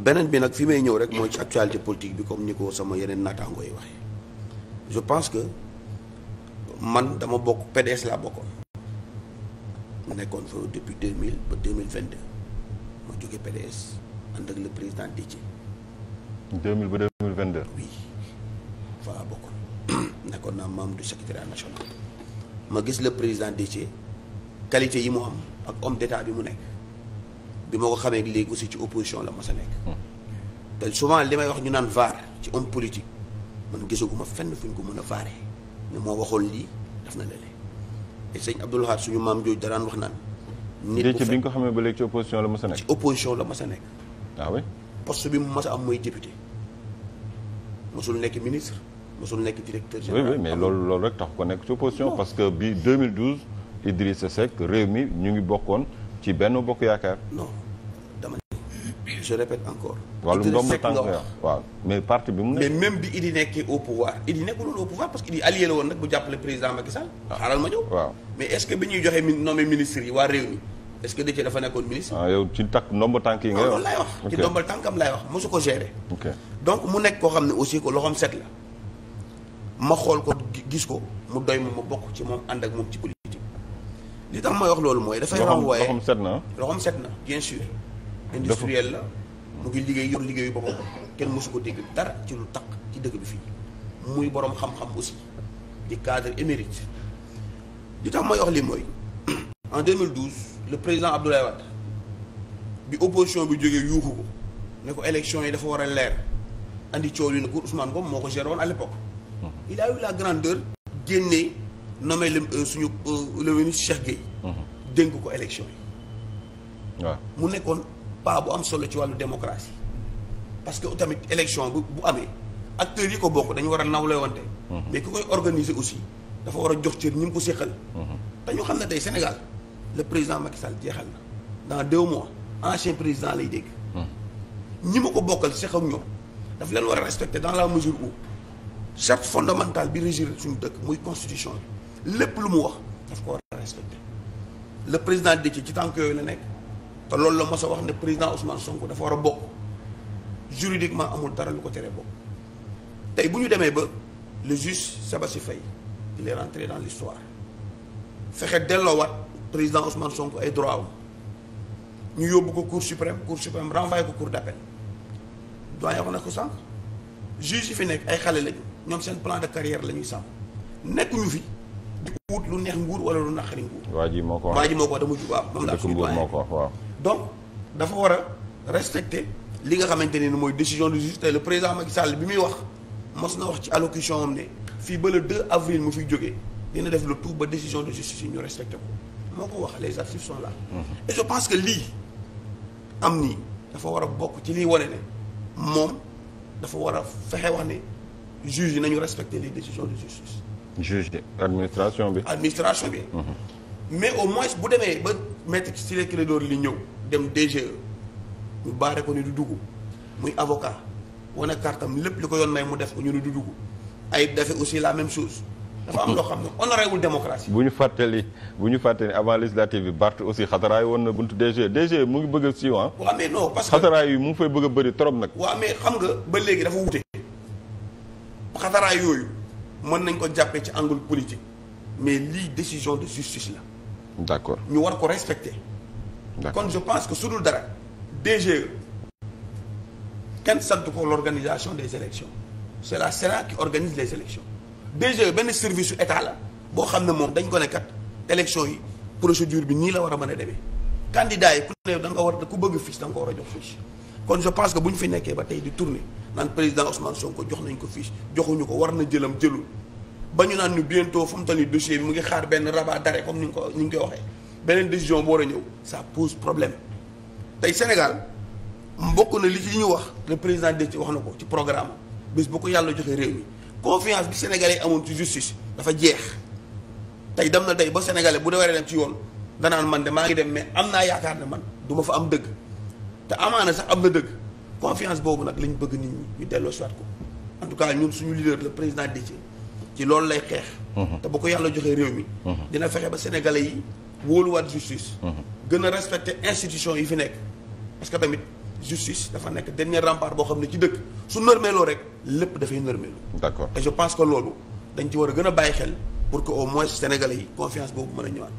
beneen bi nag fi may ñëw rek mooy ci actualité politique bi comme ni ko sama yeneen naataango yi waxee je pense que man dama bokk PDS laa bokkoon nekkoon fa depuis deux mille ba deux mille vingt deux ma jóge PDS le président Déthié. deux mille ba deux mille vingt deux. oui fa laa bokkoon nekkoon naa membre du secrétariat national ma gis le président Déthié qualité yi mu am ak homme d'état bi mu nekk. bi ma ko xamee léegi aussi ci opposition la ma sa nekk. te souvent li may wax ñu naan vaar ci homme politique man gisaguma fenn fu ñu ko mën a vaaree ne moo waxoon lii daf na lele et sëñ Abdoul Ahad suñu maam jooju daraan wax naan. nit bu bi nga ko xamee ba léegi ci opposition la ma sa nekk. ci la ma sa nekk. waaw ah poste bi mu mas a am mooy député mosul nekk ministre mosul nekk directeur général. oui oui mais loolu loolu rek tax ko nekk ci opposition. parce que bi 2012 Idrissa Seck réew mi ñu ngi bokkoon. ci benn bokk yaakaar. no dama ne je répète encore. wàllum ndomb tànk waaw mais parti bi mu. mais même bi Idi nekkee au pouvoir Idi nekkul au pouvoir parce que yi allié la woon nag bu jàppale président Macky Sall. Ah. xaaral ma ñëw. waaw mais est bi ñuy joxe nommé ministre yi waa réew mi est ce que Déthié dafa nekkoon ministre. ah yow ci takk ndomb tànk yi nga. wax ci ndombal tànkam laay wax mosu ko gérer. ok donc mu nekk koo xam ne aussi ko loxoom set la ma xool ko gis ko mu doy ma ma bokk ci moom ànd ak moom ci politique li tax may wax loolu mooy. dafay renvoyer loxoom set na loxoom set na bien sûr. industriel la mu ngi liggéey yor liggéeyu boppam kenn mosu ko dégg dara ci lu taq ci dëkk bi fii muy borom xam-xam aussi di cadre émérite li tax may wax li mooy en 2012 le président Abdoulaye Wade bi opposition bi jógee yuuxu ko ne ko élection yi dafa war a leer andi coow li ne ko Ousmane Ngom moo ko géré woon à l'époque il la grandeur génnee. nommé le euh, suñu euh, le ministre Cheikh Gueye. Mhm. dénk ko élection yi. waaw mu nekkoon pas bu am solo ci wàllu démocratie parce que tamit élection bu bu amee acteurs yi ko bokk dañu war a nawle wante mhm. mais ku koy organiser aussi dafa war a jox cër ñi mu ko seqal. Mhm. te xam na tey Sénégal le président Macky Sall jeexal na dans deux mois ancien président lay dégg. ñi ma ko bokkal seq ak ñoom daf leen war a respecter dans la mesure où charte fondamentale bi régir suñu dëkk muy constitution lépp lu mu wax daf ko war a respecté le président Déthié ci tànk yooyu la nekk te loolu la mos wax ne président Ousmane Sonko dafa war a bokk juridiquement amul dara lu ko teree bokk tey bu ñu demee ba le juge Sabassi Faye il est rentré dans l'histoire fexe delloowaat président Ousmane Sonko ay droit am ñu yóbbu ko cour suprême cour suprême renvoyé ko cour d'appel doyen wax na ko sànq juge yi fi nekk ay xale lañu ñoom seen plan de carrière la ñuy sàmm di wut lu neex nguur wala lu naqari nguur. waa ji moo ko wax waa ji moo ko wax dama ju waaw. ba mu donc dafa war a respecter li nga xamante ne mooy décision de justice te le président Macky Sall bi muy wax mos na wax ci allocution am ne fii ba le 2 avril mu fiy jóge dina def le tout ba décision de justice yi ñu respecté ko moo ko wax les archives sont là. Mm-hmm. et je pense que lii am nii dafa war a bokk ci liy wane ne moom dafa war a fexe wax ne juge yi nañu respecter les décisions de justice. juge administration bi. administration bi. Mhm. mais au moins bu demee ba maître Ciré Clédor li ñëw dem DGE ñu baare ko ni du dugg muy avocat wane kartam lépp li ko yoon may mu def ko ñu ni du dugg ay dafe aussi la même chose. dafa am loo xam ne honorewul démocratie. bu ñu fàttali bu ñu fàttali avant législative bi Bart aussi xataraay woon na buntu DG e. DG e mu ngi bëgg a siiw ah. waaw mais non mu fay bëgg a bëri nag. waaw amee xam nga ba léegi dafa wute xataraay yooyu. mën nañ ko jàppee ci angle politique mais lii décision de justice la. d'accord ñu war ko respecter. kon je pense que su dul dara DGE kenn sant ko l'organisation des élections c'est la CENA qui organise les élections DGE benn service su état la boo xam ne moom dañ ko nekkat kat élection yi procédure bi nii la war a mën a demee candidat yi ku ne da nga war ku bëgg fiche da ko war a jox fiche. kon je pense que bu ñu fi nekkee ba tey di tourner naan président Ousmane ko jox nañ ko fiche joxuñu ko war na jëlam jëlul ba ñu naan ñu bientôt fu mu toll nii dossier mu ngi xaar benn rabat d'arrêt comme ni ñu ko ni ñu ko waxee beneen décision bu war a ñëw ça pose problème tey Sénégal mbokk na li ci ñu wax le président de ci wax na ko ci programme bis bu ko yàlla joxee réew mi confiance bi sénégalais amoon ci justice dafa jeex tey dem na tey ba sénégalais bu dee waree dem ci yoon danaan man de maa ngi mais am yaakaar ne man du fa am dëgg. te amaana sax am na dëgg confiance boobu nag lañ bëgg nit ñi ñu delloo soit ko en tout cas ñun suñu leader le président Déthié ci loolu lay xeex mhm. te bu ko yàlla joxee réew mi mhm. dina fexe ba sénégalais yi wóoluwaat justice mhm. gën a respecter institution yi fi nekk parce que tamit justice dafa nekk dernier rempart boo xam ne ci dëkk su nërmeeloo rek lépp dafay nërmeelu d'accord et je pense que loolu dañ ci war a gën a bàyyi xel pour que au moins sénégalais yi confiance boobu mën a ñëwaat